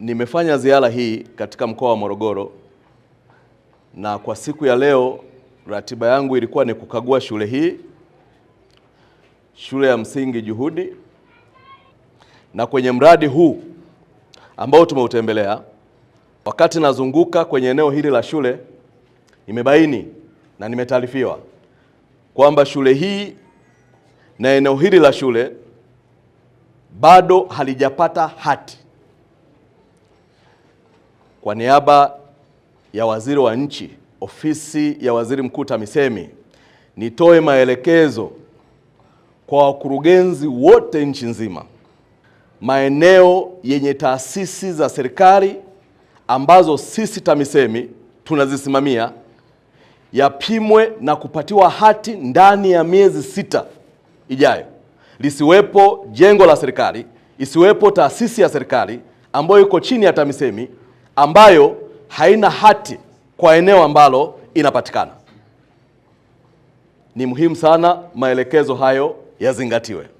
Nimefanya ziara hii katika mkoa wa Morogoro na kwa siku ya leo ratiba yangu ilikuwa ni kukagua shule hii, shule ya msingi Juhudi, na kwenye mradi huu ambao tumeutembelea, wakati nazunguka kwenye eneo hili la shule, nimebaini na nimetaarifiwa kwamba shule hii na eneo hili la shule bado halijapata hati kwa niaba ya waziri wa nchi, ofisi ya waziri mkuu TAMISEMI, nitoe maelekezo kwa wakurugenzi wote nchi nzima, maeneo yenye taasisi za serikali ambazo sisi TAMISEMI tunazisimamia yapimwe na kupatiwa hati ndani ya miezi sita ijayo. Lisiwepo jengo la serikali, isiwepo taasisi ya serikali ambayo iko chini ya TAMISEMI ambayo haina hati kwa eneo ambalo inapatikana. Ni muhimu sana maelekezo hayo yazingatiwe.